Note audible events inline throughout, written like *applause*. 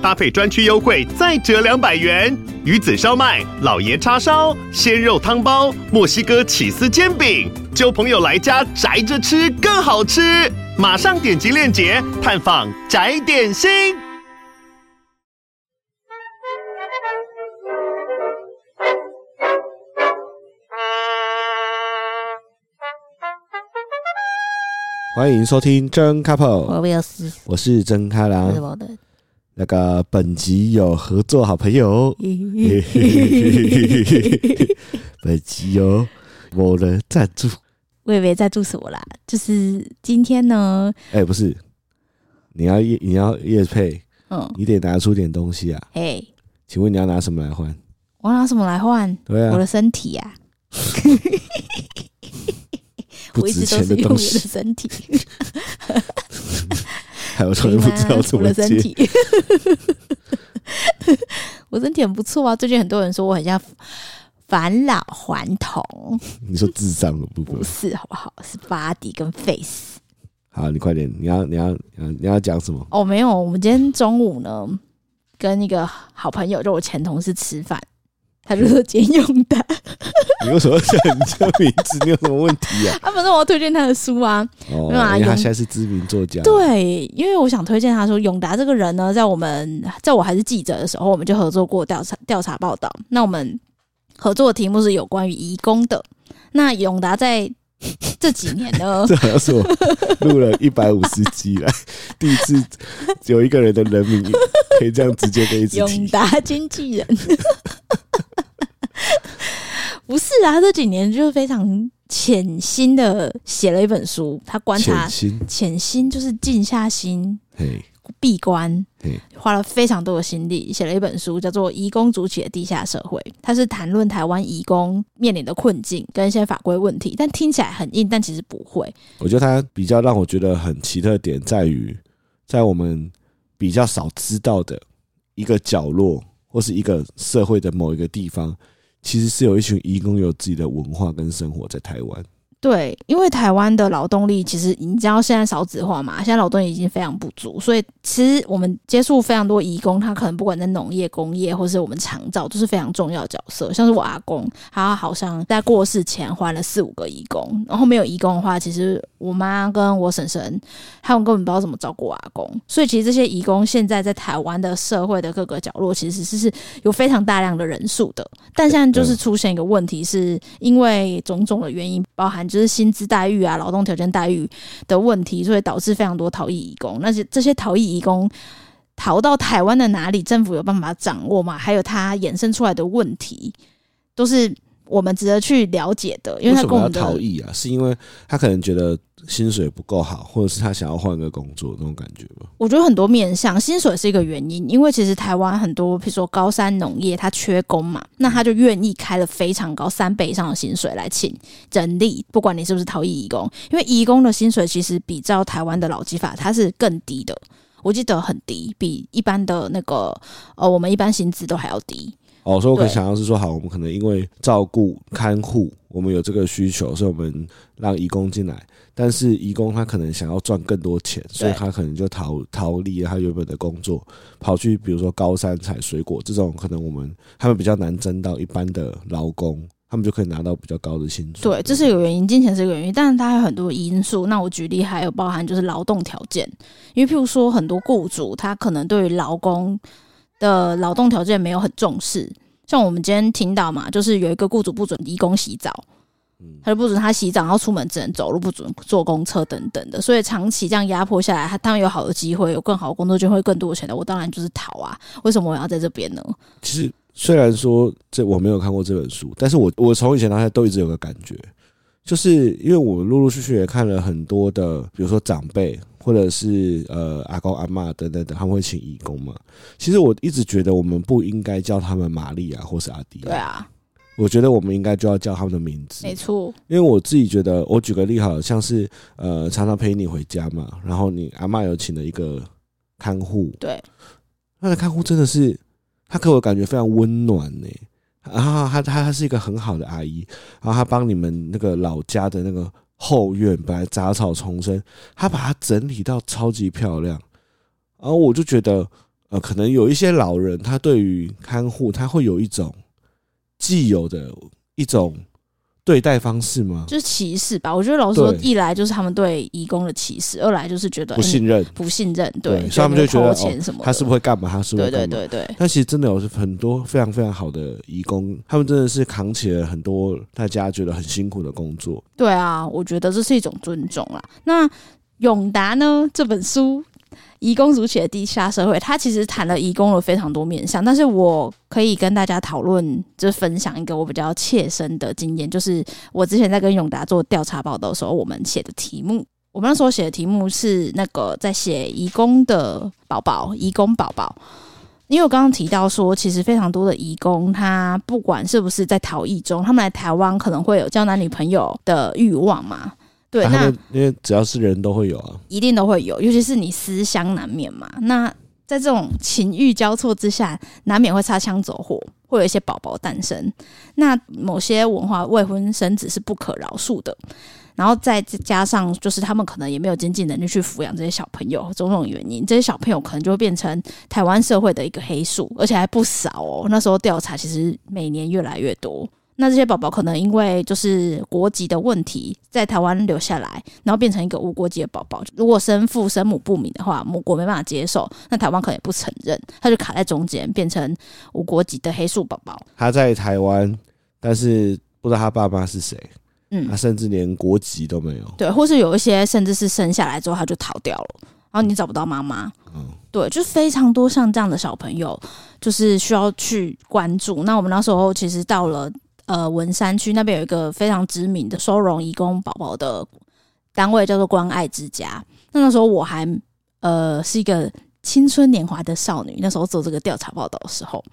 搭配專區優惠，再折兩百元。魚子燒賣、老爺叉燒、鮮肉湯包、墨西哥起司煎餅，叫朋友來家宅着吃更好吃。馬上點擊鏈接探訪宅點心。歡迎收聽真 couple，我，我是我真咖郎。那個本集有合作好朋友。 *laughs* 本集有某人贊助。我以為贊助什麼啦？就是今天呢，哎、欸，不是，你要你要業配，yes, Pay, 嗯，你得拿出點東西啊。哎、hey，請問你要拿什麼來換？我要拿什麼來換，啊？我的身體啊， *laughs* 不值錢的東西，我一直都是用我的身體。 *laughs* 我完全不知道怎麼接、hey、man, 了。我身體， *laughs* 我身體很不錯啊！最近很多人說我很像返老還童。你說智商的部分？不是，好不好？是 body 跟 face。好，你快點！你要你要你要講什麼？哦，沒有，我們今天中午呢，跟一個好朋友，就我前同事吃飯。他就說：“簡永達，你為什麼要你叫你這名字？你有什麼問題啊？”他 *laughs* 們、啊、反正我要推薦他的書啊、哦啊，因為他現在是知名作家。對，因為我想推薦他說：“永達這個人呢，在我們在我還是記者的時候，我們就合作過調查調查報道。那我們合作的題目是有關於移工的。那永達在。” *laughs* 這幾年呢， *laughs* 這好像是我錄了一百五十集了。 *laughs* 第一次有一個人的人名可以這樣直接可以永達經紀人， *laughs* 不是啊，他這幾年就是非常潛心的寫了一本書。他觀察，潛心就是靜下心。閉關，花了非常多的心力，寫了一本書，叫做《移工築起的地下社會》，它是談論台灣移工面臨的困境跟一些法規問題。但聽起來很硬，但其實不會。我覺得它比較讓我覺得很奇特點，在於在我們比較少知道的一個角落，或是一個社會的某一個地方，其實是有一群移工有自己的文化跟生活在台灣。對，因為台灣的勞動力其實，你知道現在少子化嘛，現在勞動力已經非常不足，所以其實我們接觸非常多移工，他可能不管在農業、工業，或是我們長照，都、就是非常重要的角色。像是我阿公，他好像在過世前換了四五個移工，然後沒有移工的話，其實我媽跟我嬸嬸他們根本不知道怎麼照顧我阿公。所以其實這些移工現在在台灣的社會的各個角落，其實是是有非常大量的人數的。但現在就是出現一個問題，是因為種種的原因，包含。就是薪資待遇啊，勞動條件待遇的問題，所以導致非常多逃逸移工。那些這些逃逸移工逃到台灣的哪裡？政府有辦法掌握嗎？還有它衍生出來的問題，都是。我們值得去了解的，因為他為什麼要逃逸啊？是因為他可能覺得薪水不夠好，或者是他想要換個工作那種感覺吧。我覺得很多面向，薪水是一個原因，因為其實台灣很多，比如說高山農業，它缺工嘛，那他就願意開了非常高三倍以上的薪水來請人力，不管你是不是逃逸移工。因為移工的薪水其實比照台灣的勞基法，它是更低的，我記得很低，比一般的那個呃，我們一般薪資都還要低。哦，所以我可以想要是說，好，我們可能因為照顧看護，我們有這個需求，所以我們讓移工進來。但是，移工他可能想要賺更多錢，所以他可能就逃逃離他原本的工作，跑去比如說高山採水果這種。可能我們他們比較難爭到一般的勞工，他們就可以拿到比較高的薪資。對，這是有原因，金錢是一個原因，但是它還有很多因素。那我舉例還有包含就是勞動條件，因為譬如說很多雇主他可能對於勞工。的勞動條件沒有很重視，像我們今天聽到嘛，就是有一個雇主不准移工洗澡，他就不准他洗澡，然後出門只能走路，不准坐公車等等的，所以長期這樣壓迫下來，他當然有好的機會，有更好的工作就會更多的錢的，我當然就是逃啊！為什麼我要在這邊呢？其實雖然說這我沒有看過這本書，但是我我從以前到現在都一直有個感覺，就是因為我陸陸續續也看了很多的，比如說長輩。或者是呃阿公阿嬤，等等等，他們會請移工嘛，其實我一直覺得我們不應該叫他們瑪麗亞，或是阿迪，對啊，我覺得我們應該就要叫他們的名字。沒錯，因為我自己覺得，我舉個例好，好像是呃常常陪你回家嘛，然後你阿嬤有請了一個看護，對，那個看護真的是他給我感覺非常溫暖呢。然後他他他，他是一個很好的阿姨，然後他幫你們那個老家的那個。後院本來雜草叢生，他把它整理到超級漂亮，然後我就覺得，呃，可能有一些老人他對於看護，他會有一種既有的一種。對待方式嗎？就是歧視吧。我覺得老實說，一來就是他們對移工的歧視，二來就是覺得不信任、嗯，不信任。對，所以他們就覺得錢什麼對對對對、哦，他是不是會幹嘛？他是不是會幹嘛？對對對對但其實真的有很多非常非常好的移工，他們真的是扛起了很多大家覺得很辛苦的工作。對啊，我覺得這是一種尊重啦。那永達呢？這本書。移工築起的地下社會，他其實談了移工的非常多面向，但是我可以跟大家討論，就是分享一個我比較切身的經驗，就是我之前在跟永達做調查報道的時候，我們寫的題目，我們那時候寫的題目是那個在寫移工的寶寶，移工寶寶，因為我剛剛提到說，其實非常多的移工，他不管是不是在逃逸中，他們來台灣可能會有交男女朋友的欲望嘛。對，那因為只要是人都會有啊，一定都會有，尤其是你思鄉難免嘛。那在這種情欲交錯之下，難免會擦槍走火，會有一些寶寶誕生。那某些文化未婚生子是不可饒恕的，然後再加上就是他們可能也沒有經濟能力去撫養這些小朋友，種種原因，這些小朋友可能就會變成台灣社會的一個黑數，而且還不少哦。那時候調查其實每年越來越多。那這些寶寶可能因為就是國籍的問題，在台灣留下來，然後變成一個無國籍的寶寶。如果生父生母不明的話，母國沒辦法接受，那台灣可能也不承認，他就卡在中間，變成無國籍的黑戶寶寶。他在台灣，但是不知道他爸媽是誰，嗯，他甚至連國籍都沒有。對，或是有一些甚至是生下來之後他就逃掉了，然後你找不到媽媽，嗯，對，就非常多像這樣的小朋友，就是需要去關注。那我們那時候其實到了。呃，文山區那邊有一個非常知名的收容移工寶寶的單位，叫做關愛之家。那那時候我還呃是一個青春年華的少女，那時候做這個調查報道的時候，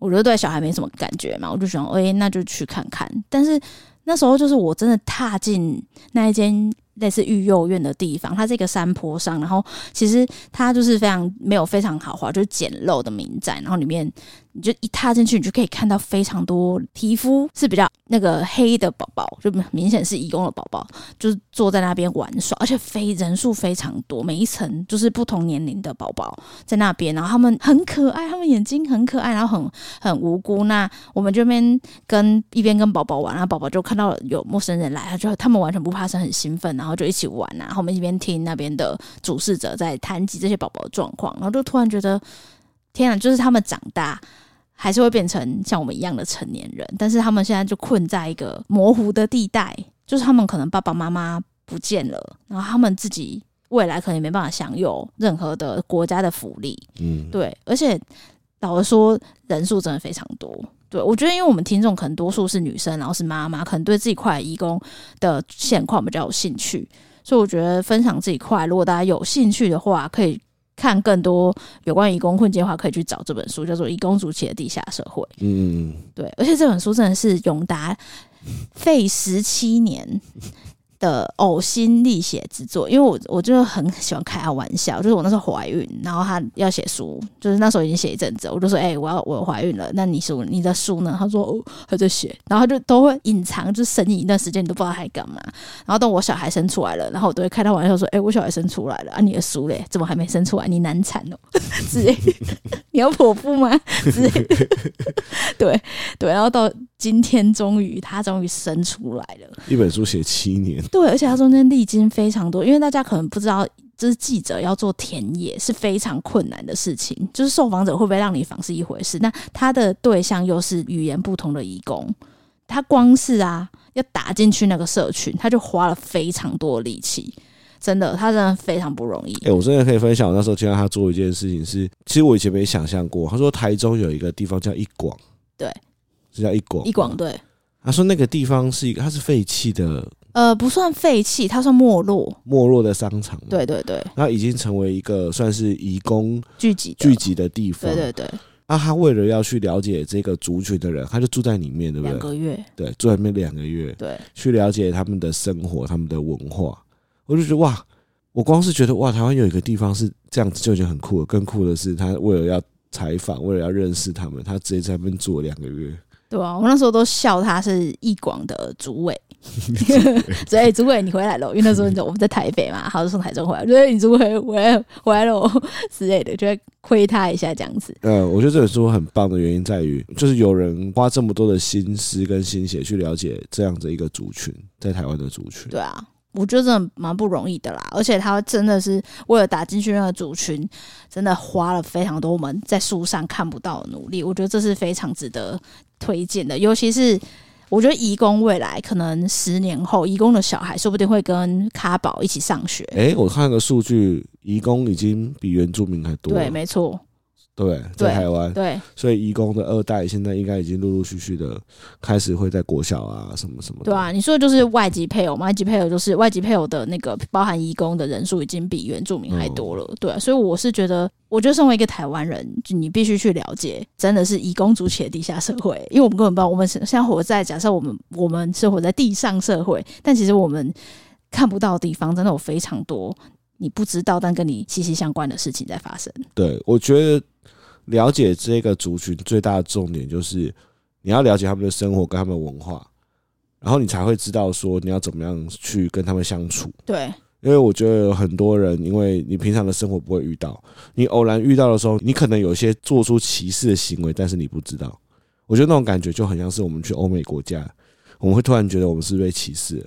我覺得對小孩沒什麼感覺嘛，我就想，哎、欸，那就去看看。但是那時候就是我真的踏進那一間類似育幼院的地方，它是一個山坡上，然後其實它就是非常沒有非常豪華，就是簡陋的民宅，然後裡面。你就一踏進去，你就可以看到非常多皮膚是比較那個黑的寶寶，就明顯是移工的寶寶，就是坐在那邊玩耍，而且非人數非常多，每一層就是不同年齡的寶寶在那邊，然後他們很可愛，他們眼睛很可愛，然後很很無辜。那我們這邊跟一邊跟寶寶玩，然後寶寶就看到有陌生人來，他就他們完全不怕生，很興奮，然後就一起玩吶。然後我們一邊聽那邊的主事者在談及這些寶寶的狀況，然後就突然覺得天啊，就是他們長大。還是會變成像我們一樣的成年人，但是他們現在就困在一個模糊的地帶，就是他們可能爸爸媽媽不見了，然後他們自己未來可能也沒辦法享有任何的國家的福利，嗯，對，而且老實說人數真的非常多，對，我覺得因為我們聽眾可能多數是女生，然後是媽媽，可能對這一塊移工的現況比較有興趣，所以我覺得分享這一塊，如果大家有興趣的話，可以。看更多有關移工困境的話，可以去找這本書，叫做《移工築起的地下社會》。嗯，對，而且這本書真的是永達費時七年。的嘔心瀝血之作，因為我我就是很喜歡開他玩笑，就是我那時候懷孕，然後他要寫書，就是那時候已經寫一陣子，我就說，哎、欸，我要我懷孕了，那你書你的書呢？他說，哦、他就寫，然後他就都會隱藏，就生你一段時間你都不知道還幹嘛，然後等我小孩生出來了，然後我都會開他玩笑說，哎、欸，我小孩生出來了啊，你的書嘞，怎麼還沒生出來？你難產哦，直 *laughs* 接 *laughs* *laughs* 你要剖腹嗎？直 *laughs* 接 *laughs* *laughs* 對對，然後到。今天終於，他終於生出來了。一本書寫七年，對，而且他中間歷經非常多。因為大家可能不知道，就是記者要做田野是非常困難的事情。就是受訪者會不會讓你訪是一回事，那他的對象又是語言不同的移工，他光是啊，要打進去那個社群，他就花了非常多力氣。真的，他真的非常不容易。哎、欸，我真的可以分享，我那時候見到他做一件事情是，其實我以前沒想象過。他說，台中有一個地方叫一廣，對。叫一廣一廣對，他說那個地方是一個，它是廢棄的，呃，不算廢棄，它算沒落，沒落的商場。對對對，然後已經成為一個算是移工聚集聚集的地方。對對對，那他為了要去了解這個族群的人，他就住在裡面，對不對？兩個月，對，住在裡面兩個月，對，去了解他們的生活，他們的文化。我就覺得哇，我光是覺得哇，台灣有一個地方是這樣子就已經很酷了。更酷的是，他為了要採訪，為了要認識他們，他直接在那邊住了兩個月。對啊，我那時候都笑他是移工的主委，所 *laughs* 以主委， *laughs* 主委你回來嘍，因為那時候我們在台北嘛，好， *laughs* 就從台中回來， *laughs* 所以你主委回來回來了之類的，就會虧他一下這樣子。嗯，我覺得這本書很棒的原因在於，就是有人花這麼多的心思跟心血去了解這樣的一個族群，在台灣的族群。對啊，我覺得真的蠻不容易的啦，而且他真的是為了打進去那個族群，真的花了非常多我們在書上看不到的努力。我覺得這是非常值得。推薦的，尤其是我覺得，移工未來可能十年後，移工的小孩說不定會跟卡寶一起上學。誒、欸，我看個數據，移工已經比原住民還多，對，沒錯。對，在台灣，對，所以移工的二代現在應該已經陸陸續續的開始會在國小啊什麼什麼，對啊，你說的就是外籍配偶，外籍配偶就是外籍配偶的那個包含移工的人數已經比原住民還多了，嗯、對啊，所以我是覺得，我覺得身為一個台灣人，就你必須去了解，真的是移工築起的地下社會，因為我們根本不知道，我們是生活在假設我們我們生活在地上社會，但其實我們看不到的地方，真的有非常多你不知道但跟你息息相關的事情在發生。對，我覺得。了解這個族群最大的重點就是，你要了解他們的生活跟他們的文化，然後你才會知道說你要怎麼樣去跟他們相處。對，因為我覺得有很多人，因為你平常的生活不會遇到，你偶然遇到的時候，你可能有一些做出歧視的行為，但是你不知道。我覺得那種感覺就很像是我們去歐美國家，我們會突然覺得我們是不是被歧視的，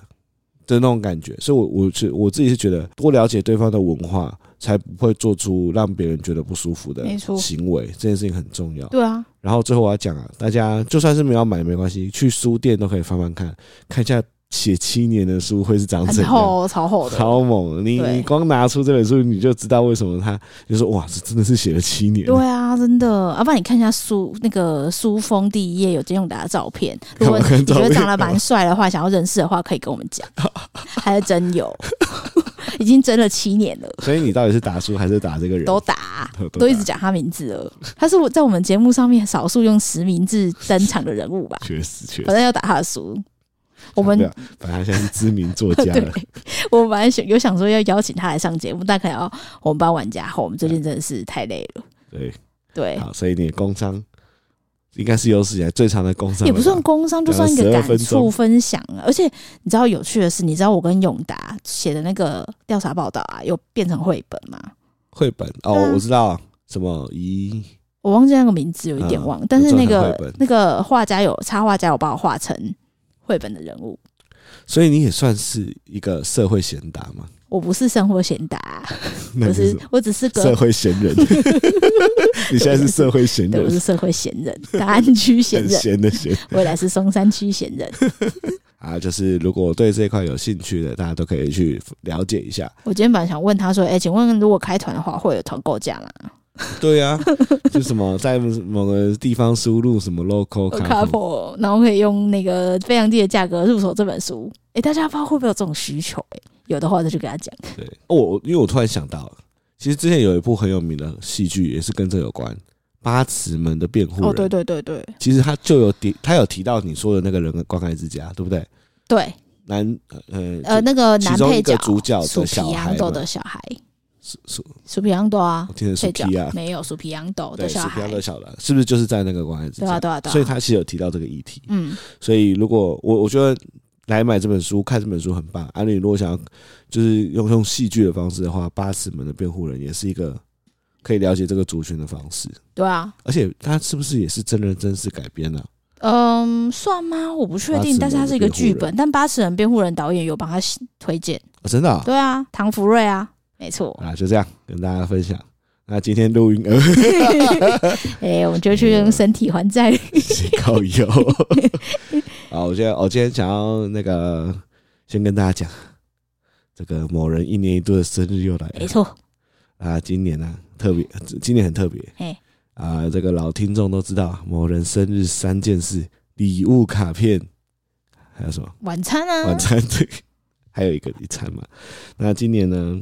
就那種感覺。所以，我我是我自己是覺得多了解對方的文化。才不會做出讓別人覺得不舒服的，沒錯，行為這件事情很重要。對啊，然後最後我要講啊，大家就算是沒有買沒關係，去書店都可以翻翻看，看一下寫七年的書會是長怎樣，超超的，超猛！你光拿出這本書，你就知道為什麼他就說哇，這真的是寫了七年了。對啊，真的。阿爸，你看一下書那個書封第一頁有簡永達的照片，如果你覺得長得蠻帥的話，想要認識的話，可以跟我們講，還是真有。 *laughs* 已經爭了七年了，所以你到底是打書還是打這個人？都打，都,都,打都一直講他名字了他是我在我們節目上面少數用實名字登場的人物吧？確 *laughs* 實，確反正要打他的書，我們反正他是知名作家了。 *laughs* 對我本來想有想說要邀請他來上節目， *laughs* 但可能要我們班玩家， *laughs* 我們最近真的是太累了。對對,對，好，所以你的工商。應該是有史以來最長的工商，也不算工商，啊，就算一個感觸分享啊分，而且你知道有趣的是，你知道我跟永達寫的那個調查報道啊，又變成繪本嗎？繪本哦，啊，我知道什麼？咦，我忘記那個名字，有一點忘。啊，但是那個那個畫家有插畫家有把我畫成繪本的人物，所以你也算是一個社會賢達嘛？我不是生活賢達，我是，是我只是個社會閒人。 *laughs* *laughs* 你現在是社會閒人，我是社會閒人，大安區閒人，很閒 *laughs* 的閒。未來是松山區閒人。啊， *laughs* 就是如果對這塊有興趣的，大家都可以去了解一下。我今天本來想問他說，哎、欸，請問如果開團的話，會有團購價嗎？ *laughs* 對呀、啊，就什麼在某個地方輸入什麼 local couple，然後可以用那個非常低的價格入手這本書。哎、欸，大家不知道會不會有這種需求、欸？哎。有的話，再去給他講。對，我、哦、因為我突然想到，其實之前有一部很有名的戲劇，也是跟這有關，《八尺門的辯護人》哦。對對對對。其實他就有提，他有提到你說的那個人——的關愛之家，對不對？對。男，呃呃，那個男配角其中一個主角的小，鼠皮羊斗的小孩。鼠鼠鼠皮楊斗啊！主角沒有鼠皮楊斗的小孩，多小，孩多小孩。是不是就是在那個關愛之家？對啊對啊。所以他其實有提到這個議題。嗯。所以，如果我我覺得。來買這本書，看這本書很棒。阿、啊、你如果想要，就是用用戲劇的方式的話，《八尺門的辯護人》也是一個可以了解這個族群的方式。對啊，而且他是不是也是真人真事改編呢、啊？嗯，算嗎？我不確定，但是他是一個劇本。但《八尺門辯護人》導演有幫他推薦、哦，真的、哦？對啊，唐福瑞啊，沒錯啊，就這樣跟大家分享。那今天錄音，哎、嗯 *laughs* 欸，我們就去用身體還債，靠、嗯、腰。 *laughs* 我我今天想要那個先跟大家講，這個某人一年一度的生日又來了。沒錯，啊，今年呢、啊、特別，今年很特別。啊，這個老聽眾都知道，某人生日三件事：禮物、卡片，還有什麼？晚餐啊，晚餐對，還有一個一餐嘛。那今年呢，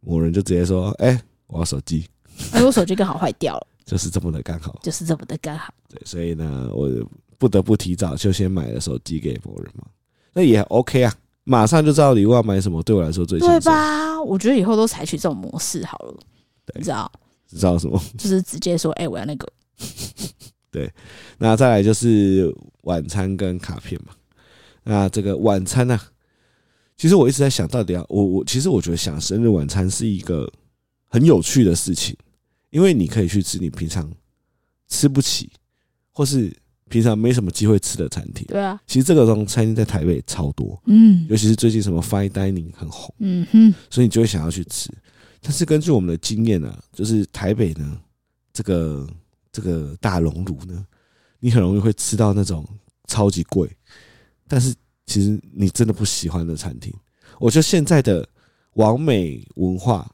某人就直接說：“哎、欸，我手機。”哎，我手機剛好壞掉了。就是這麼的剛好。就是這麼的剛好。對，所以呢，我。不得不提早就先買的時候寄給某人嘛，那也 OK 啊，馬上就知道禮物要買什麼。對我來說最對吧？我覺得以後都採取這種模式好了。對，你知道？知道什麼？就是直接說，哎、欸，我要那個。 *laughs* 對，那再來就是晚餐跟卡片嘛。那這個晚餐呢、啊，其實我一直在想，到底要，我，我其實我覺得想生日晚餐是一個很有趣的事情，因為你可以去吃你平常吃不起或是。平常沒什麼機會吃的餐廳，對啊，其實這個種餐廳在台北超多，嗯，尤其是最近什麼 fine dining 很紅，嗯哼，所以你就會想要去吃。但是根據我們的經驗呢，就是台北呢，這個這個大熔爐呢，你很容易會吃到那種超級貴，但是其實你真的不喜歡的餐廳。我覺得現在的網美文化，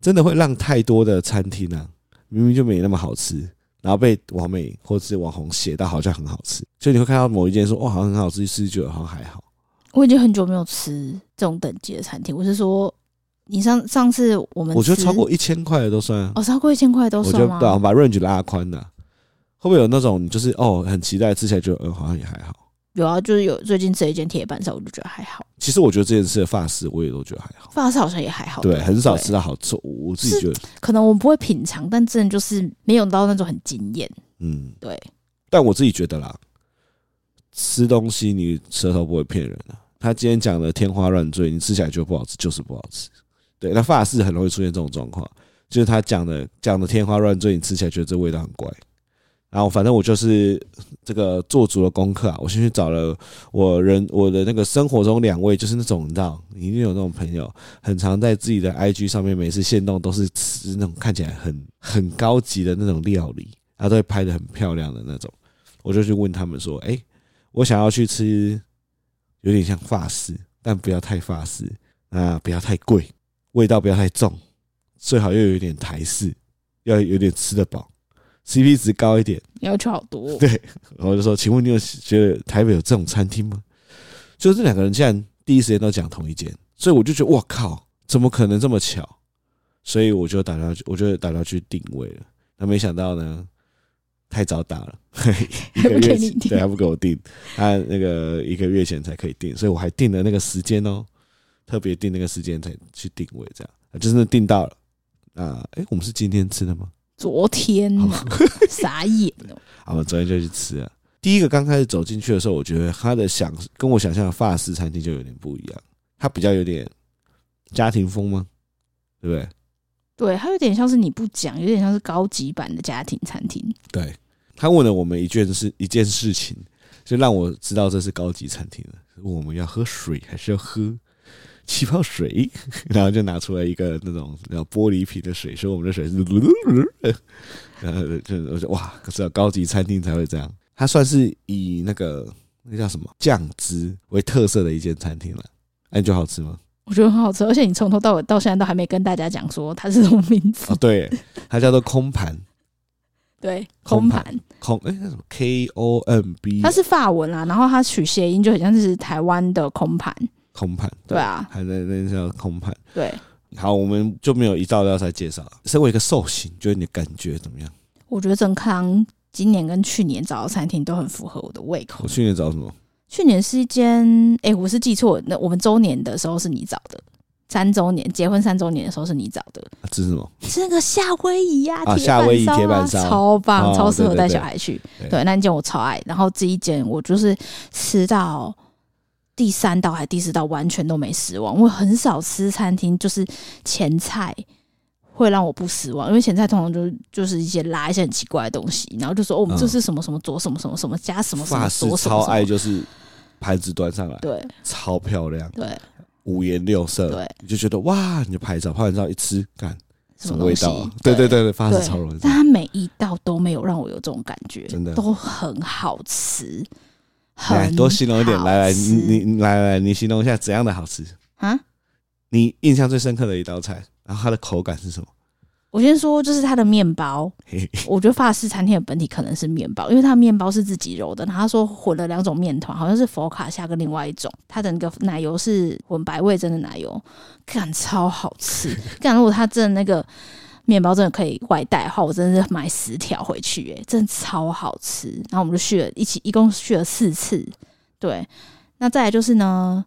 真的會讓太多的餐廳啊，明明就沒那麼好吃。然後被網美或者是網紅寫到好像很好吃，就你會看到某一件事說，哇，好像很好吃，吃吃覺得好像還好。我已經很久沒有吃這種等級的餐廳。我是說，你上上次我們我覺得超過一千塊的都算，哦，超過一千塊的都算嗎？我對啊，我把 range 拉寬了。啊，會不會有那種就是哦，很期待，吃起來就，嗯，好像也還好。有啊，就是有最近吃了一間鐵板燒，我就覺得還好。其實我覺得這件事的法式，我也都覺得還好。法式好像也還好。對，很少吃到好吃。我自己覺得，可能我們不會品嘗，但真的就是沒有到那種很驚豔。嗯，對。但我自己覺得啦，吃東西你舌頭不會騙人的啊。他今天講的天花亂墜，你吃起來覺得不好吃，就是不好吃。對，那法式很容易出現這種狀況，就是他講的講的天花亂墜，你吃起來覺得這味道很怪。然後反正我就是這個做足了功課啊，我先去找了我人我的那個生活中兩位，就是那種你知道，你一定有那種朋友，很常在自己的 IG 上面，每次限動都是吃那種看起來很很高級的那種料理，然後都會拍得很漂亮的那種。我就去問他們說，哎，我想要去吃有點像法式，但不要太法式，啊，不要太貴，味道不要太重，最好又有點台式，要有點吃得飽。CP 值高一點，要求好多。對，我就說，請問你有覺得台北有這種餐廳嗎？就這兩個人竟然第一時間都講同一間，所以我就覺得哇靠，怎麼可能這麼巧？所以我就打到我就打到去定位了。那沒想到呢，太早打了，一個月前對，他不給我定，他那個一個月前才可以定，所以我還定了那個時間哦，特別定那個時間才去定位，這樣就真的定到了。啊，哎，我們是今天吃的嗎？昨天嘛，傻眼了。好，我昨天就去吃了。第一個剛開始走進去的時候，我覺得他的想跟我想象的法式餐廳就有點不一樣，他比較有點家庭風嗎？對不對？對，他有點像是你不講，有點像是高級版的家庭餐廳。對，他問了我們一件事，一件事情，就讓我知道這是高級餐廳了。問我們要喝水還是要喝？氣泡水，然後就拿出了一個那種玻璃瓶的水，說我們的水是，就我哇，可是高級餐廳才會這樣，它算是以那個那叫什麼醬汁為特色的一間餐廳了。哎，你覺得好吃嗎？我覺得很好吃，而且你從頭到尾到現在都還沒跟大家講說它是什麼名字。哦、對，它叫做空盤。 *laughs* 對，空盤。空哎、欸，那什麼 K O M B，它是法文啊，然後它取諧音就很像就是台灣的空盤。空盤對啊，還在那叫空盤對。好，我們就沒有一道要再介紹。身為一個壽星，覺得你的感覺怎麼樣？我覺得正康今年跟去年找的餐廳都很符合我的胃口。我、哦、去年找什麼？去年是一間，哎、欸，我是記錯，那我們周年的時候是你找的，三周年結婚三周年的時候是你找的、啊。這是什麼？是那個夏威夷呀、啊，啊，啊，夏威夷鐵板燒，超棒，哦、超適合帶小孩去。對，對，對，對，對，那間我超愛。然後這一間我就是吃到。第三道還是第四道完全都沒失望，我很少吃餐廳就是前菜會讓我不失望，因為前菜通常就是、就是一些拉一些很奇怪的東西，然後就說、哦、我們這是什麼什麼佐什麼什麼什麼加什麼什麼我、嗯、超愛就是盤子端上來，對，超漂亮，對，五顏六色，對，你就覺得哇，你的拍照拍完照一吃，幹什麼味道、啊麼對，對對對對，法式超容易。但它每一道都沒有讓我有這種感覺，真的都很好吃。來，多形容一點，來來，你你來來，你形容一下怎樣的好吃啊？你印象最深刻的一道菜，然後它的口感是什麼？我先說，就是它的麵包。 *laughs* 我覺得法式餐廳的本體可能是麵包，因為它的麵包是自己揉的。然後他說混了兩種面團，好像是佛卡夏跟另外一種。它的那個奶油是混白味噌的奶油，幹超好吃。幹 *laughs* 如果它真的那個。麵包真的可以外帶的話，我真的是買十條回去，欸，耶，真的超好吃。然後我們就續了一，一起一共續了四次。對，那再來就是呢，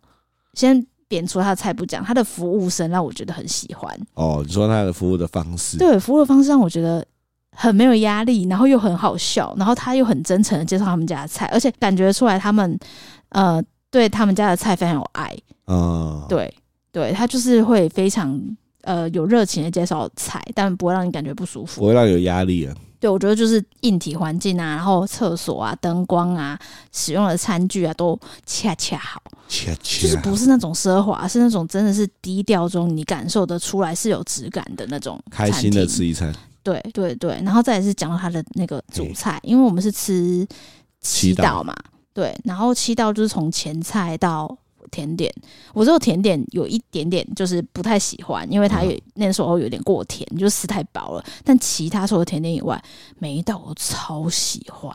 先撇除他的菜不講，他的服務生讓我覺得很喜歡。哦，你說他的服務的方式，對，服務的方式讓我覺得很沒有壓力，然後又很好笑，然後他又很真誠的介紹他們家的菜，而且感覺出來他們呃對他們家的菜非常有愛啊、嗯。對，對他就是會非常。呃，有熱情的介紹菜，但不會讓你感覺不舒服，不會讓你有壓力啊。對，我覺得就是硬體環境啊，然後廁所啊、燈光啊、使用的餐具啊，都恰恰好，恰恰就是不是那種奢華，是那種真的是低調中你感受得出來是有質感的那種，開心的吃一餐，對對，對對，然後再也是講到他的那個主菜，因為我們是吃七道嘛，七道，對，然後七道就是從前菜到。甜點，我只有甜點有一點點，就是不太喜歡，因為它也那時候有點過甜，嗯、就是吃太飽了。但其他所有甜點以外，每一道我超喜歡，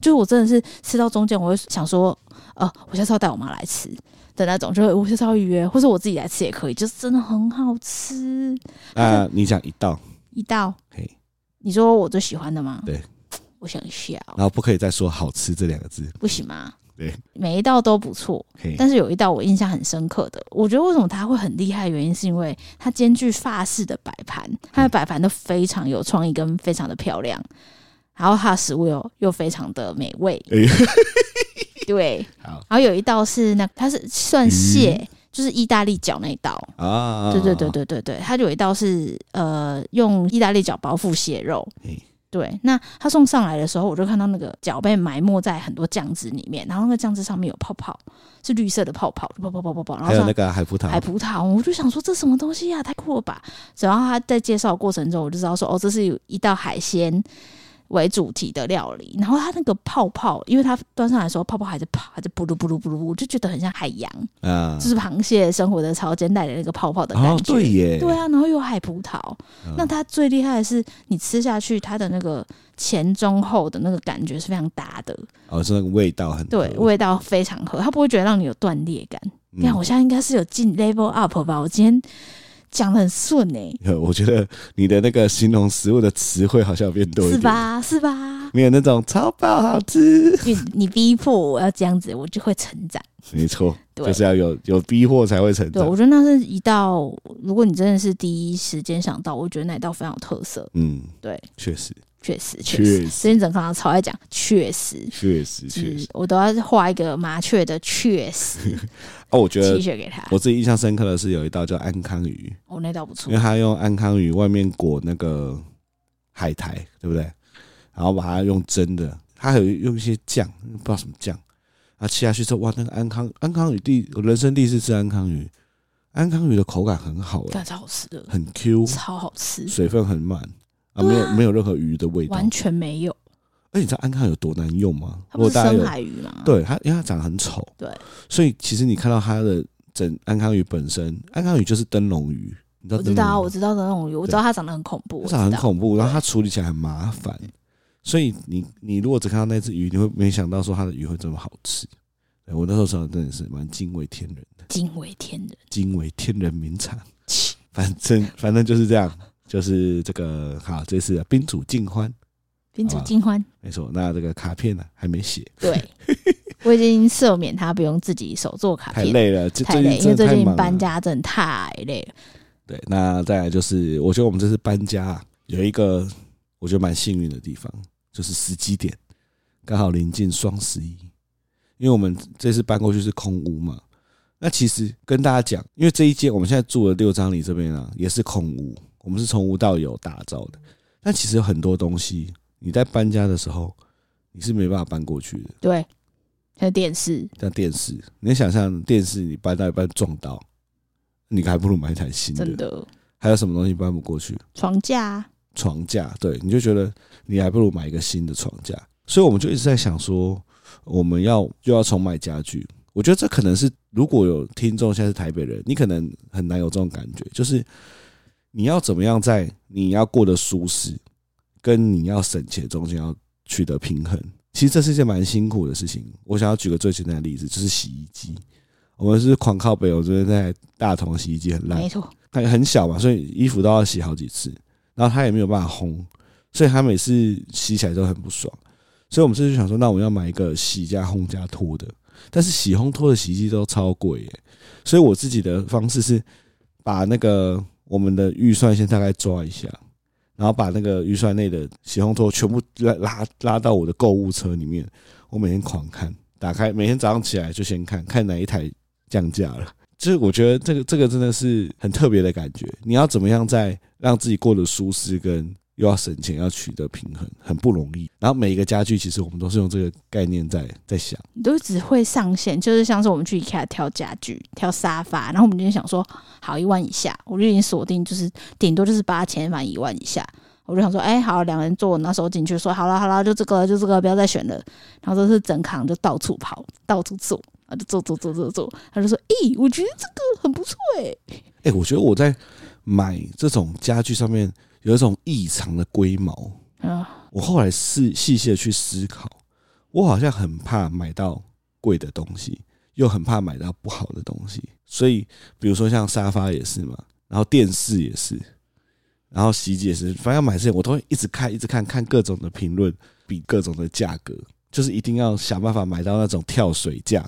就是我真的是吃到中間，我會想說，呃，我下次要帶我媽來吃的那種，就是我下次要預約，或是我自己來吃也可以，就是真的很好吃。啊、呃，你講一道一道，可以。Okay. 你說我最喜歡的嗎？對，我想笑，然後不可以再說好吃這兩個字，不行嗎？每一道都不錯，hey. 但是有一道我印象很深刻的，我覺得為什麼它會很厲害，原因是因為它兼具法式的擺盤，它的擺盤都非常有創意跟非常的漂亮，hey. 然後它的食物又又非常的美味。Hey. 對， *laughs* 然後有一道是那個、它是算蟹，mm. 就是意大利餃那一道啊，對、oh. 對對對對對，它有一道是呃用意大利餃包覆蟹肉。Hey. 對，那他送上來的時候，我就看到那個腳被埋沒在很多醬汁裡面，然後那個醬汁上面有泡泡，是綠色的泡泡，泡泡泡泡泡。然後還有那個海葡萄，海葡萄，我就想說這什麼東西呀、啊，太酷了吧！然後他在介紹過程中，我就知道說，哦，這是有一道海鮮。為主題的料理，然後它那個泡泡，因為它端上來的時候，泡泡還在泡，還在噗嚕噗嚕噗嚕，我就覺得很像海洋，啊、就是螃蟹生活的潮間帶的那個泡泡的感覺。哦、對耶，對啊，然後又有海葡萄，哦、那它最厲害的是你吃下去，它的那個前中後的那個感覺是非常搭的，哦，是那個味道很對，味道非常合，它不會覺得讓你有斷裂感。你看，嗯、我現在應該是有進 level up 吧？我今天。講得很順呢、欸。我覺得你的那個形容食物的詞彙好像變多一點，是吧？是吧？沒有那種超爆好吃，你逼迫我要這樣子，我就會成長。沒錯， *laughs* 就是要有有逼迫才會成長。我覺得那是一道，如果你真的是第一時間想到，我覺得那一道非常有特色。嗯，對，確實。確實，確實，最近整課超愛講確實，確實，確實，實、嗯，我都要畫一個麻雀的確實。哦，我覺得。給他。我自己印象深刻的是有一道叫安康魚，哦，那道不錯，因為他用安康魚外面裹那個海苔，對不對？然後把它用蒸的，還有用一些醬，不知道什麼醬。啊，吃下去之後，哇，那個安康安康魚第人生第一次吃安康魚，安康魚的口感很好，乾超好吃的，很 Q，超好吃，水分很滿。啊、沒有，沒有任何魚的味道，完全沒有。哎、欸，你知道安康有多難用嗎？它不是深海魚嗎？對，它因為它長得很醜，對。所以其實你看到它的整安康魚本身，安康魚就是燈籠魚，你知道？我知道、啊，燈籠魚，我知道它長得很恐怖，長很，很恐怖，然後它處理起來很麻煩。所以你你如果只看到那隻魚，你會沒想到說它的魚會這麼好吃。我那時候時候真的是蠻驚為天人的，驚為天人，驚為天人名產。反正反正就是這樣。 *laughs* 就是這個好，這次、啊、賓主盡歡，賓主盡歡、啊、沒錯。那這個卡片呢、啊，還沒寫。 *laughs* 對，我已經赦免他不用自己手做卡片，太累了，太累，真的太累了。因為最近搬家真的太累了。對，那再來就是，我覺得我們這次搬家、啊、有一個我覺得蠻幸運的地方，就是時機點剛好臨近雙十一，因為我們這次搬過去是空屋嘛。那其實跟大家講，因為這一間我們現在住的六張犁這邊啊，也是空屋。我們是從無到有打造的，但其實有很多東西你在搬家的時候，你是沒辦法搬過去的。對，像電視，像電視，你能想象電視你搬到一半撞到，你還不如買一台新的。真的，還有什麼東西搬不過去？床架，床架，對，你就覺得你還不如買一個新的床架。所以我們就一直在想說，我們要又要重買家具。我覺得這可能是如果有聽眾現在是台北人，你可能很難有這種感覺，就是。你要怎麼樣在你要過得舒適跟你要省錢中間要取得平衡？其實這是一件蠻辛苦的事情。我想要舉個最簡單的例子，就是洗衣機。我們是，是狂靠北，我這邊在大同洗衣機很爛，沒錯，它也很小嘛，所以衣服都要洗好幾次，然後它也沒有辦法烘，所以它每次洗起來都很不爽。所以我們這就想說，那我要買一個洗加烘加脫的，但是洗烘脫的洗衣機都超貴耶，欸。所以我自己的方式是把那個。我們的預算先大概抓一下，然後把那個預算內的洗烘拖全部拉拉拉到我的購物車裡面。我每天狂看，打開每天早上起來就先看看哪一台降價了。就是我覺得這個這個真的是很特別的感覺。你要怎麼樣在讓自己過得舒適跟又要省錢，要取得平衡，很不容易。然後每一個家具，其實我們都是用這個概念在在想，都只會上限，就是像是我們去 IKEA 挑家具，挑沙發，然後我們今天想說，好一萬以下，我就已經鎖定，就是頂多就是八千，反一萬以下，我就想說，哎，欸，好，兩個人坐，那時候進去說，好了好了，就這個就這個，不要再選了。然後就是整扛，就到處跑，到處坐，啊，就坐坐坐坐坐，他就說，咦，欸，我覺得這個很不錯，欸，誒，欸，哎，我覺得我在買這種家具上面。有一種異常的龜毛，我後來細細細的去思考，我好像很怕買到貴的東西，又很怕買到不好的東西。所以，比如說像沙發也是嘛，然後電視也是，然後洗衣機也是，反正要買這些我都會一直看，一直看看各種的評論，比各種的價格，就是一定要想辦法買到那種跳水價。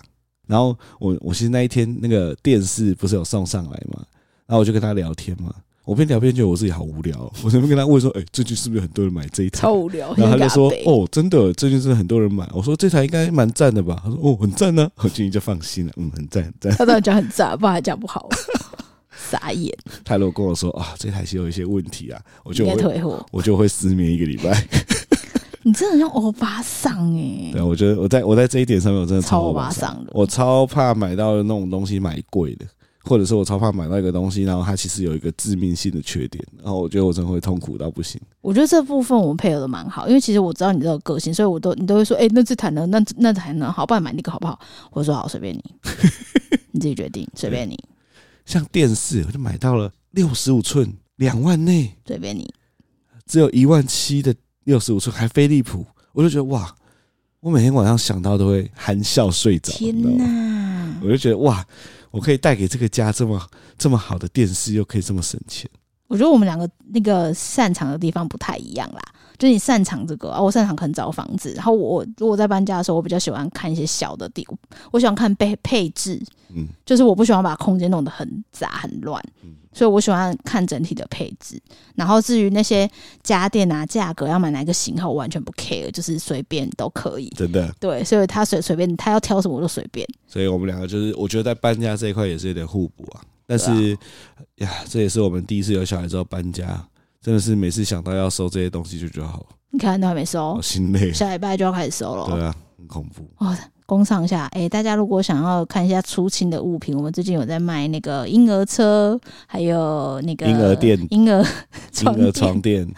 然後我，我其實那一天那個電視不是有送上來嘛，然後我就跟他聊天嘛。我邊聊邊覺得我自己好無聊。哦，我這邊跟他問說：“哎、欸，最近是不是很多人買這一台？”超無聊，然後他就說：“哦，真的，最近真的很多人買。”我說：“這台應該蠻讚的吧？”他說：“哦，很讚呢。”我今天就放心了，嗯，很讚很讚。他這樣講很讚，不然還講不好， *laughs* 傻眼。他如果跟我說：“啊，這台是有一些問題啊。”我覺得退貨，我就會失眠一個禮拜。 *laughs* 你真的很像歐巴桑誒、欸、對，我覺得我在我在這一點上面我真的超歐巴桑，超歐巴桑的，我超怕買到那種東西買貴的。或者是我超怕買到一個東西，然後它其實有一個致命性的缺點，然後我覺得我真的會痛苦到不行。我覺得這部分我們配合得蠻好，因為其實我知道你這個個性，所以我都你都會說，哎、欸，那這台呢？那那台呢？好，不然買那個好不好？我就說好，隨便你， *laughs* 你自己決定，隨便你、嗯。像電視，我就買到了六十五寸，兩萬內，隨便你，只有一萬七的六十五寸，還飛利浦，我就覺得哇，我每天晚上想到都會含笑睡着，天哪！我就覺得哇。我可以帶給這個家這麼這麼好的電視，又可以這麼省錢。我覺得我們兩個那個擅長的地方不太一樣啦。就是你擅長這個啊，我擅長可能找房子。然後我如果在搬家的時候，我比較喜歡看一些小的地，我喜歡看配配置。嗯，就是我不喜歡把空間弄得很雜很亂。嗯，所以我喜歡看整體的配置。然後至於那些家電啊，價格要買哪一個型號，我完全不 care，就是隨便都可以。真的對，所以他隨隨便他要挑什麼就隨便。所以我們兩個就是，我覺得在搬家這一塊也是有點互補啊。但是，啊，呀，這也是我們第一次有小孩之後搬家。真的是每次想到要收這些東西就覺得好，你看都還沒收，哦、心累。下禮拜就要開始收了，對啊，很恐怖。哦，工廠下，哎、欸，大家如果想要看一下出清的物品，我們最近有在賣那個嬰兒車，還有那個嬰兒墊、嬰兒嬰兒床墊，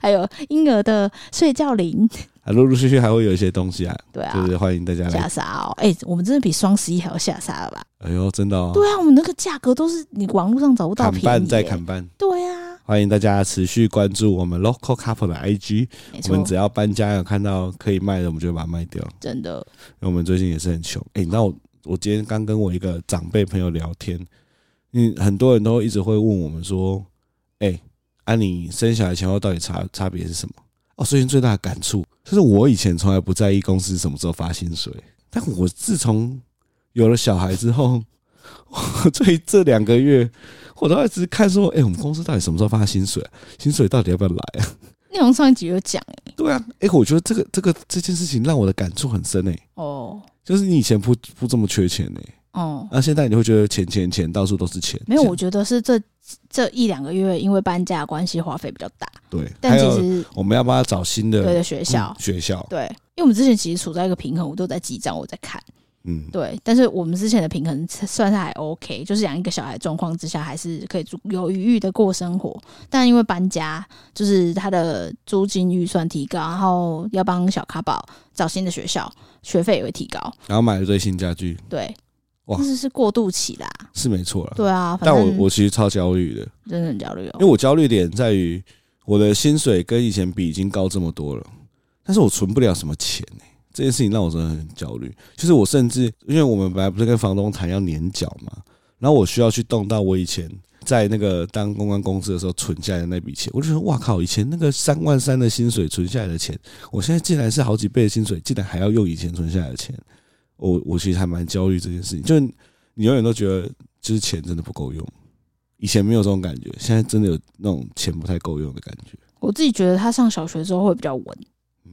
還有嬰兒的睡覺鈴。啊，陸陸續續還會有一些東西啊，對啊，就是歡迎大家來下殺哦、喔。哎、欸，我們真的比雙十一還要下殺了吧？哎呦，真的、喔，哦。對啊，我們那個價格都是你網絡上找不到便宜的砍半再砍半，對啊。歡迎大家持續關注我們 Local Couple 的 IG。我們只要搬家有看到可以賣的，我們就把它賣掉。真的，因為我們最近也是很窮。哎、欸，那我我今天剛跟我一個長輩朋友聊天，嗯，很多人都一直會問我們說：“哎、欸，啊，你生小孩前後到底差差別是什麼？”哦，最近最大的感觸就是，我以前從來不在意公司什麼時候發薪水，但我自從有了小孩之後，我這這兩個月。我都一直看說，哎、欸，我們公司到底什麼時候發薪水、啊？薪水到底要不要來啊？內容上一集有講哎，對啊，哎、欸，我覺得這個這個這件事情讓我的感觸很深哎、欸，哦，就是你以前不不這麼缺錢哎、欸，哦、啊，那現在你會覺得錢錢錢到處都是錢？嗯、沒有，我覺得是這這一兩個月因為搬家關係花費比較大，對。但其實我們要幫他找新的對的學校、嗯，學校對，因為我們之前其實處在一個平衡，我都在記賬，我在看。嗯，對，但是我們之前的平衡算是還 OK，就是養一個小孩狀況之下，還是可以有餘裕的過生活。但因為搬家，就是他的租金預算提高，然後要幫小卡寶找新的學校，學費也會提高，然後買了最新家具。對，哇，這是，是過渡期啦，是沒錯啦。對啊，反正但我我其實超焦慮的，真的很焦慮、喔，因為我焦慮點在於我的薪水跟以前比已經高這麼多了，但是我存不了什麼錢呢、欸。這件事情讓我真的很焦慮。就是我甚至，因為我們本來不是跟房東談要年繳嘛，然後我需要去動到我以前在那個當公關公司的時候存下來的那筆錢。我就覺得哇靠！以前那個三萬三的薪水存下來的錢，我現在竟然是好幾倍的薪水，竟然還要用以前存下來的錢。我我其實還蠻焦慮這件事情，就你永遠都覺得就是錢真的不夠用。以前沒有這種感覺，現在真的有那種錢不太夠用的感覺。我自己覺得他上小學的時候會比較穩。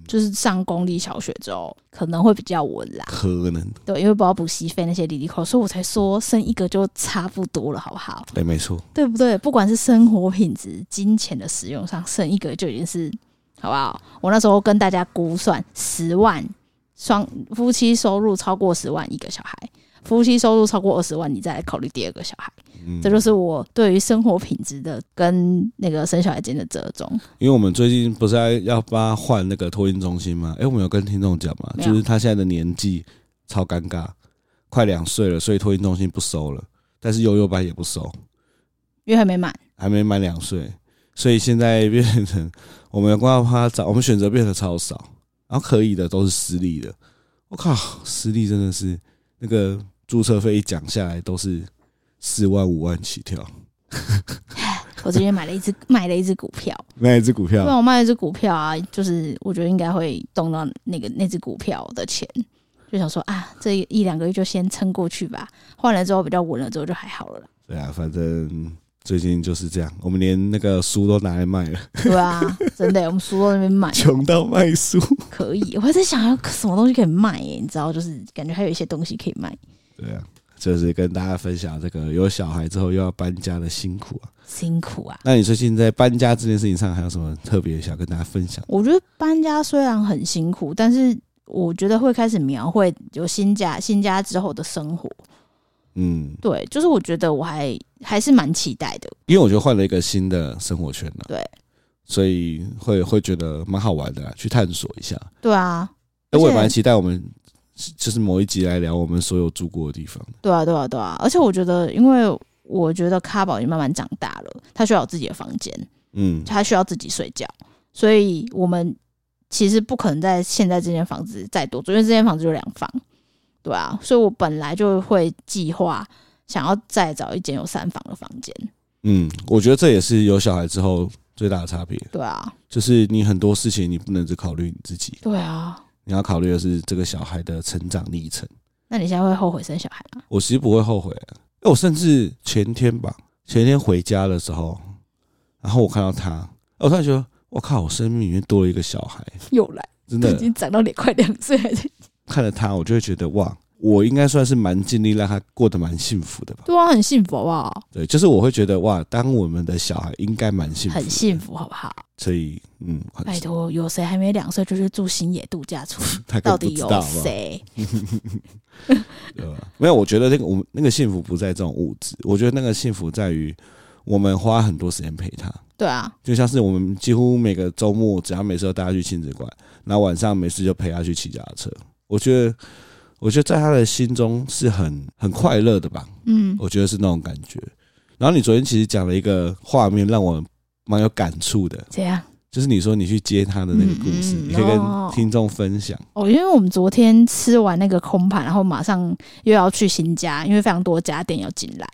就是上公立小學之後，可能會比較穩啦。可能對，因為不要補習費那些哩哩扣扣，所以我才說生一個就差不多了，好不好？對、欸，沒錯，對不對？不管是生活品質、金錢的使用上，生一個就已經是，好不好？我那時候跟大家估算10萬，十萬雙夫妻收入超過十萬，一個小孩。夫妻收入超過二十萬，你再來考慮第二個小孩。嗯，這就是我對於生活品質的跟那個生小孩間的折中。因為我們最近不是要，要幫他換那個托嬰中心嗎？哎，我們有跟聽眾講嘛，就是他現在的年紀超尷尬，快兩歲了，所以托嬰中心不收了，但是幼幼班也不收，因為還沒滿，還沒滿兩歲，所以現在變成我們要幫他找，我們選擇變得超少，然後可以的都是私立的。我、哦、靠，私立真的是那個。注冊費一講下來都是四萬五萬起跳。 *laughs* 我之前買了一只，買了一只股票，賣一只股票。因為我賣了一只股票啊，就是我覺得應該會動到那個那只股票的錢，就想說啊，這一兩個月就先撐過去吧，換了之後比較穩了，之後就還好了啦。對啊，反正最近就是這樣，我們連那個書都拿來賣了。對啊，真的、欸，我們書都在那邊賣，窮到賣書。可以，我還在想要什麼東西可以賣、欸，耶？你知道，就是感覺還有一些東西可以賣。對啊，就是跟大家分享這個有小孩之後又要搬家的辛苦啊，辛苦啊！那你最近在搬家這件事情上還有什麼特別想跟大家分享？我覺得搬家雖然很辛苦，但是我覺得會開始描繪有新家、新家之後的生活。嗯，對，就是我覺得我還還是蠻期待的，因為我覺得換了一個新的生活圈了。對，所以會會覺得蠻好玩的，去探索一下。對啊，我也蠻期待我們。就是某一集來聊我們所有住過的地方。對啊，對啊，對啊！而且我覺得，因為我覺得咖寶已經慢慢長大了，他需要有自己的房間，嗯，他需要自己睡覺，所以我們其實不可能在現在這間房子再多住，因為這間房子就兩房，對啊。所以我本來就會計劃想要再找一間有三房的房間。嗯，我覺得這也是有小孩之後最大的差別。對啊，就是你很多事情你不能只考慮你自己。對啊。你要考慮的是這個小孩的成長歷程。那你現在會後悔生小孩嗎？我其實不會後悔。啊，我甚至前天吧，前天回家的時候，然後我看到他，我突然覺得，我靠，我生命裡面多了一個小孩，又來，真的已經長到你快兩歲，還是看着他，我就會覺得哇。我應該算是蠻盡力讓他過得蠻幸福的吧。對、啊，很幸福好不好？對，就是我會覺得哇，當我們的小孩應該蠻幸福。很幸福，好不好？所以，嗯，拜託，有誰還沒兩歲就去住星野度假村？到底有誰？ *laughs* 對吧？沒有，我覺得那個我們、那個、那個幸福不在這種物質，我覺得那個幸福在於我們花很多時間陪他。對啊，就像是我們幾乎每個週末只要沒事帶他去親子館，然後晚上沒事就陪他去騎腳踏車。我覺得。我覺得在他的心中是很很快樂的吧，嗯，我覺得是那種感覺。然後你昨天其實講了一個畫面，讓我蠻有感觸的。怎樣？就是你說你去接他的那個故事，你可以跟聽眾分享、嗯嗯嗯、哦、哦。因為我們昨天吃完那個空盤，然後馬上又要去新家，因為非常多家電要進來，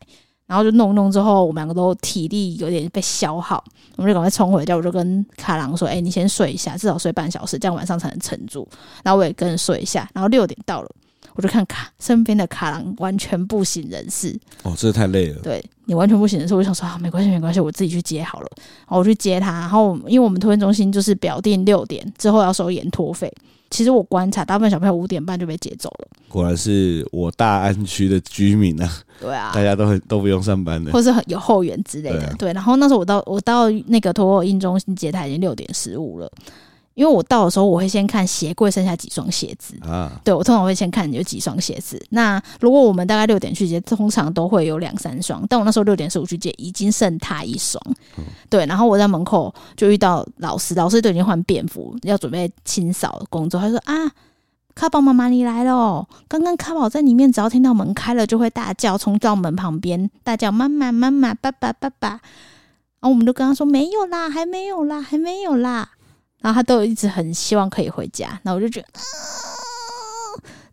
然後就弄弄之後，我們兩個都體力有點被消耗，我們就趕快衝回家。我就跟咖郎說：“哎、欸，你先睡一下，至少睡半小時，這樣晚上才能撐住。”然後我也跟著睡一下。然後六點到了。我就看卡身邊的卡郎完全不省人事哦，這太累了。對，你完全不省人事。我想說啊，沒關係沒關係，我自己去接好了。然後我去接他，然後因為我們托運中心就是表定六點之後要收延托費。其實我觀察大部分小朋友五點半就被接走了。果然是我大安區的居民啊。對啊，大家都很都不用上班的，或是很有後援之類的對啊。對，然後那時候我到我到那個托運中心接他已經六點十五了。因為我到的時候，我會先看鞋櫃剩下幾雙鞋子啊。對，我通常會先看有幾雙鞋子。那如果我們大概六點去接，通常都會有兩三雙。但我那時候六點十五去接，已經剩他一雙。嗯。對，然後我在門口就遇到老師，老師都已經換便服，要準備清掃工作。他說：“啊，卡寶媽媽你來嘍！剛剛卡寶在裡面，只要聽到門開了就會大叫，衝到門旁邊大叫媽媽媽媽，爸爸爸爸。”然後我們都跟他說：“沒有啦，還沒有啦，還沒有啦。”然後他都一直很希望可以回家，然後我就覺得，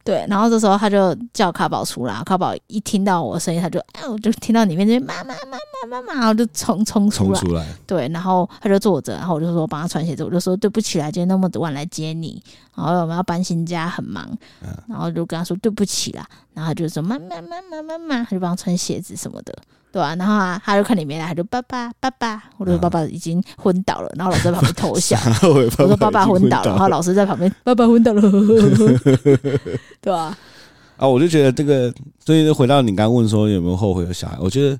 對，然後這時候他就叫卡寶出來，卡寶一聽到我聲音，他就，啊，我就聽到裡面就媽媽媽媽媽媽，我就冲衝出來，衝出來，對，然後他就坐着，然後我就說幫他穿鞋子，我就說對不起啦，今天那麼晚來接你，然後我們要搬新家很忙，然後就跟他說對不起啦，然後他就說媽媽媽媽媽媽媽，他就幫他穿鞋子什麼的。對啊，然後啊，他就看裡面，他就爸爸爸爸，我，就說爸爸啊、我說爸爸已經昏倒了，然後老師在旁邊偷笑。我說爸爸昏倒了，然後老師在旁邊爸爸昏倒了，對啊。啊，我就覺得這個，所以回到你剛剛問說有沒有後悔有小孩，我覺得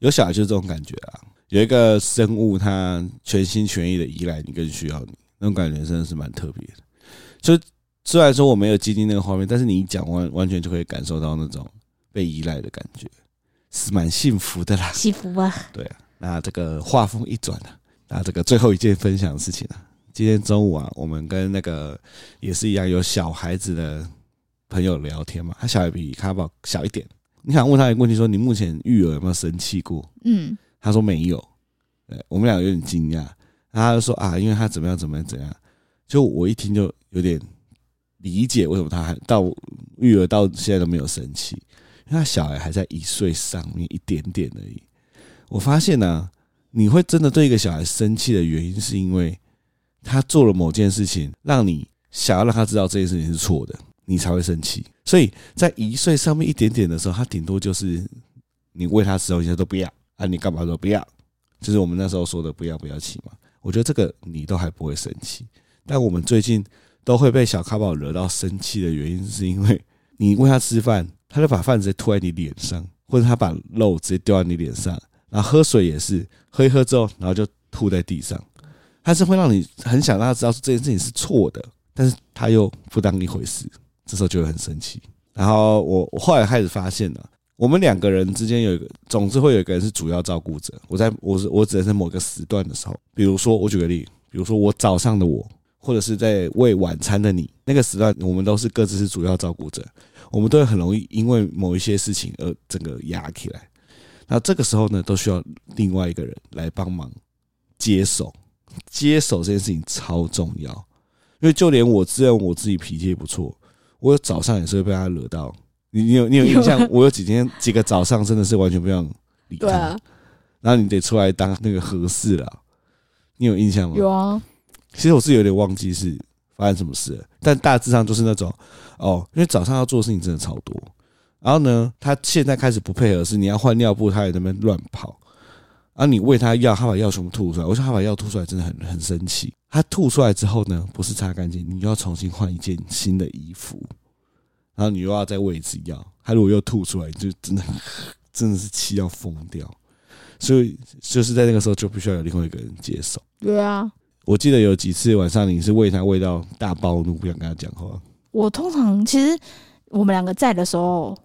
有小孩就是這種感覺啊，有一個生物，他全心全意的依賴你，更需要你，那種感覺真的是蠻特別的。就雖然說我沒有接近那個畫面，但是你一講完，完全就可以感受到那種被依賴的感覺。是蠻幸福的啦，幸福啊！對啊，那這個話鋒一轉呢，那這個最後一件分享的事情呢、啊，今天中午啊，我們跟那個也是一樣有小孩子的朋友聊天嘛，他小孩比咖寶小一點，你想問他一個問題，說你目前育兒有沒有生氣過？嗯，他說沒有，對，我們倆有點驚訝，然後他就說啊，因為他怎麼樣怎麼樣怎樣，就我一聽就有點理解為什麼他還到育兒到現在都沒有生氣。那小孩還在一歲上面一點點而已。我發現呢、啊，你會真的對一個小孩生氣的原因，是因為他做了某件事情，讓你想要讓他知道這件事情是錯的，你才會生氣。所以在一歲上面一點點的時候，他頂多就是你餵他吃東西都不要啊，你幹嘛都不要，就是我們那時候說的不要不要氣嘛。我覺得這個你都還不會生氣，但我們最近都會被小咖寶惹到生氣的原因，是因為你餵他吃飯。他就把飯直接吐在你臉上，或者他把肉直接丟在你臉上，然後喝水也是，喝一喝之後，然後就吐在地上。他是會讓你很想讓他知道說這件事情是錯的，但是他又不當一回事，這時候就會很生氣。然後我我後來開始發現了，我們兩個人之間有一個，總之會有一個人是主要照顧者。我在我是我只能在某個時段的時候，比如說我舉個例，比如說我早上的我。或者是在餵晚餐的你，那個時段我們都是各自是主要照顧者，我們都會很容易因為某一些事情而整個壓起來。那這個時候呢，都需要另外一個人來幫忙接手，接手這件事情超重要，因為就連我自認我自己脾氣也不錯，我有早上也是會被他惹到。你你有你有印象？有啊、我有幾天幾個早上真的是完全不想理他，啊、然後你得出來當那個和事佬。你有印象嗎？有啊。其實我是有點忘記是發生什麼事了，但大致上就是那種，哦，因為早上要做的事情真的超多。然後呢，他現在開始不配合，是你要換尿布，他在那邊亂跑。啊，然後你餵他藥，他把藥全部吐出來。我說他把藥吐出來真的很很生氣。他吐出來之後呢，不是擦乾淨，你又要重新換一件新的衣服。然後你又要再餵一次藥。他如果又吐出來，就真的真的是氣要瘋掉。所以就是在那個時候，就必須要有另外一個人接手。對啊。我記得有幾次晚上，你是餵他餵到大包，都不想跟他講話。我通常其實我們兩個在的時候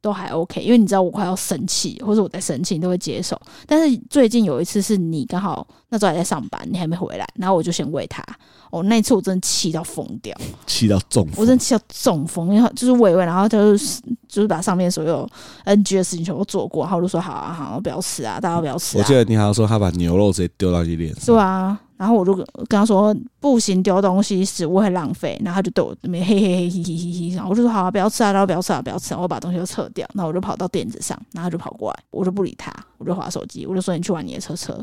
都還 OK，因為你知道我快要生氣，或者我在生氣，你都會接受。但是最近有一次是你剛好那時候還在上班，你還沒回來，然後我就先餵他。哦、喔，那一次我真的氣到瘋掉，氣 *laughs* 到中風，我真的氣到中風，就是餵餵，然後就是餵餵，然後他就。就是把上面所有 NG 的事情全部做過，然後我就說好啊，好啊，不要吃啊，大家不要吃啊。我記得你好像說他把牛肉直接丟到一邊。是對啊，嗯、然後我就跟他說不行，丟東西，食物會浪費。然後他就對我那邊嘿嘿嘿嘿嘿嘿，然後我就說好啊，不要吃啊，大家不要吃啊，不要吃啊，不要吃啊，我把東西都撤掉。然後我就跑到墊子上，然後他就跑過來，我就不理他，我就滑手機，我就說你去玩你的車車。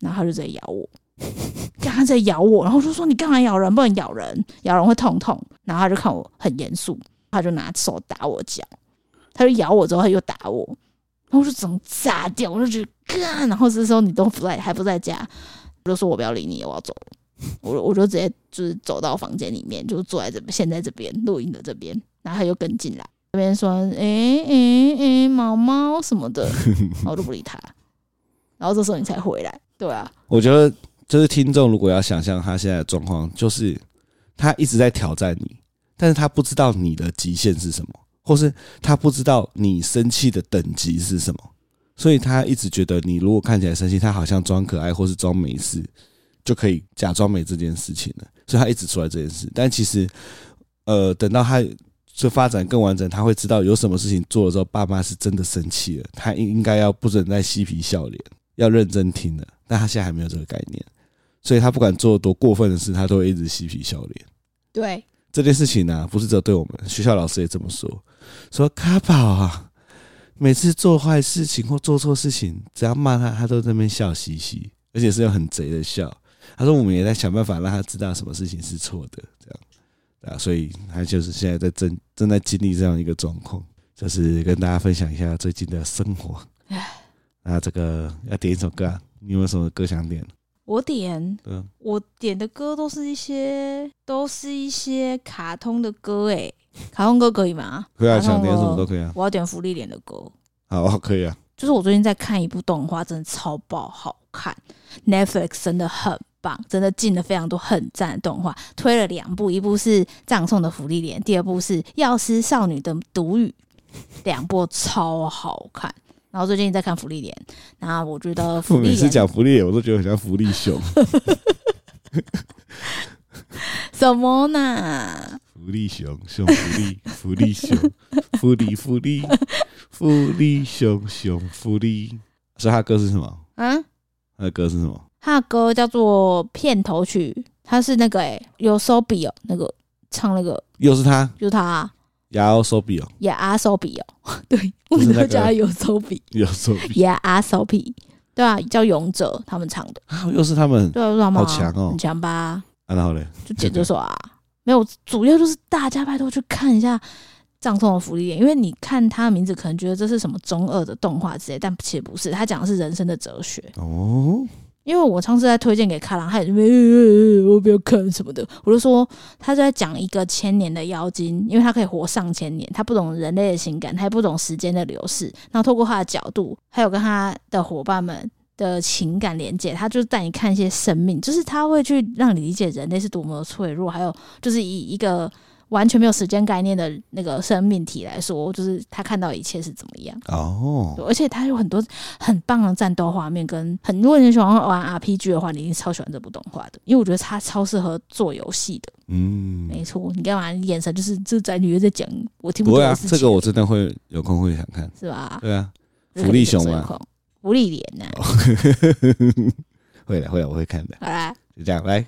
然後他就在咬我，剛 *laughs* 剛在咬我，然後我就說你幹嘛咬人？不能咬人，咬人會痛痛。然後他就看我很嚴肅，他就拿手打我腳。他就咬我之後，他又打我，然後我就整個炸掉，我就覺得，幹，然後這時候你都不在，還不在家，我就說我不要理你，我要走，我我就直接就是走到房間裡面，就坐在這，現在這邊，錄音的這邊，然後他就跟進來，這邊說，哎哎哎，毛毛什麼的，然後我就不理他，然後這時候你才回來，對啊，我覺得就是聽眾如果要想象他現在的狀況，就是他一直在挑戰你，但是他不知道你的極限是什麼。或是他不知道你生氣的等級是什麼，所以他一直覺得你如果看起來生氣，他好像裝可愛或是裝沒事，就可以假裝沒這件事情了。所以他一直出來這件事，但其實，呃，等到他就發展更完整，他會知道有什麼事情做了之後，爸媽是真的生氣了，他應應該要不准再嬉皮笑臉，要認真聽了。但他現在還沒有這個概念，所以他不管做多過分的事，他都會一直嬉皮笑臉。對。這件事情呢，啊，不是只有對我們，學校老師也這麼說，說卡寶啊，每次做壞事情或做錯事情，只要罵他，他都在那邊笑嘻嘻，而且是有很賊的笑。他說我們也在想辦法讓他知道什麼事情是錯的，這樣啊，所以他就是現在在正正在經歷這樣一個狀況，就是跟大家分享一下最近的生活。啊，這個要點一首歌，啊，你有沒有什麼歌想點？我點、啊，我點的歌都是一些都是一些卡通的歌哎，卡通歌可以嗎？可以啊，想點什麼都可以啊。我要點芙莉蓮的歌，好啊，可以啊。就是我最近在看一部動畫，真的超爆好看，Netflix 真的很棒，真的進了非常多很讚的動畫，推了兩部，一部是葬送的芙莉蓮，第二部是藥師少女的獨語，兩部超好看。然後最近在看《芙莉蓮，然後我覺得每次講《芙莉蓮我都覺得很像《福利熊 *laughs* 》 *laughs* 什麼呢？福利熊熊福利，福利熊，福利福利，福利熊熊福利。所以他的歌是什麼？啊，他的歌是什麼？他的歌叫做片頭曲，他是那個哎、欸，YOASOBI 喔那個，唱那個又是他，就是他，啊。亞 e a h 亞 o b 比 y o Yeah, s o、yeah, so、 *laughs* 對，我們家有 Sobi。有 Sobi。y so e、so yeah, so yeah, so、對啊，叫勇者他們唱的。又是他們，對啊，好強哦、喔，很強吧？啊，好嘞，就剪這首啊。 *laughs* 沒有，主要就是大家拜託去看一下葬送的芙莉蓮，因為你看他的名字，可能覺得這是什麼中二的動畫之類，但其實不是，他講的是人生的哲學哦。因為我上次在推薦給咖郎，他有說、就是欸“我不要看什麼的”，我就說，他就在講一個千年的妖精，因為他可以活上千年，他不懂人類的情感，他也不懂時間的流逝。然後透過他的角度，還有跟他的伙伴們的情感連接，他就是帶你看一些生命，就是他會去讓你理解人類是多麼脆弱，還有就是以一個。完全沒有時間概念的那個生命體來說，就是他看到一切是怎麼樣哦，而且他有很多很棒的戰鬥畫面，跟很多人喜歡玩 RPG 的話，你一定超喜歡這部動畫的，因為我覺得他超適合做遊戲的。嗯，沒錯，你幹嘛？眼神就是就是在女的在講，我聽不懂。不會啊。這個我真的會有空會想看，是吧？對啊，福利熊啊，芙莉蓮啊，哦、 *laughs* 會了會了，我會看的。好啦，就這樣來。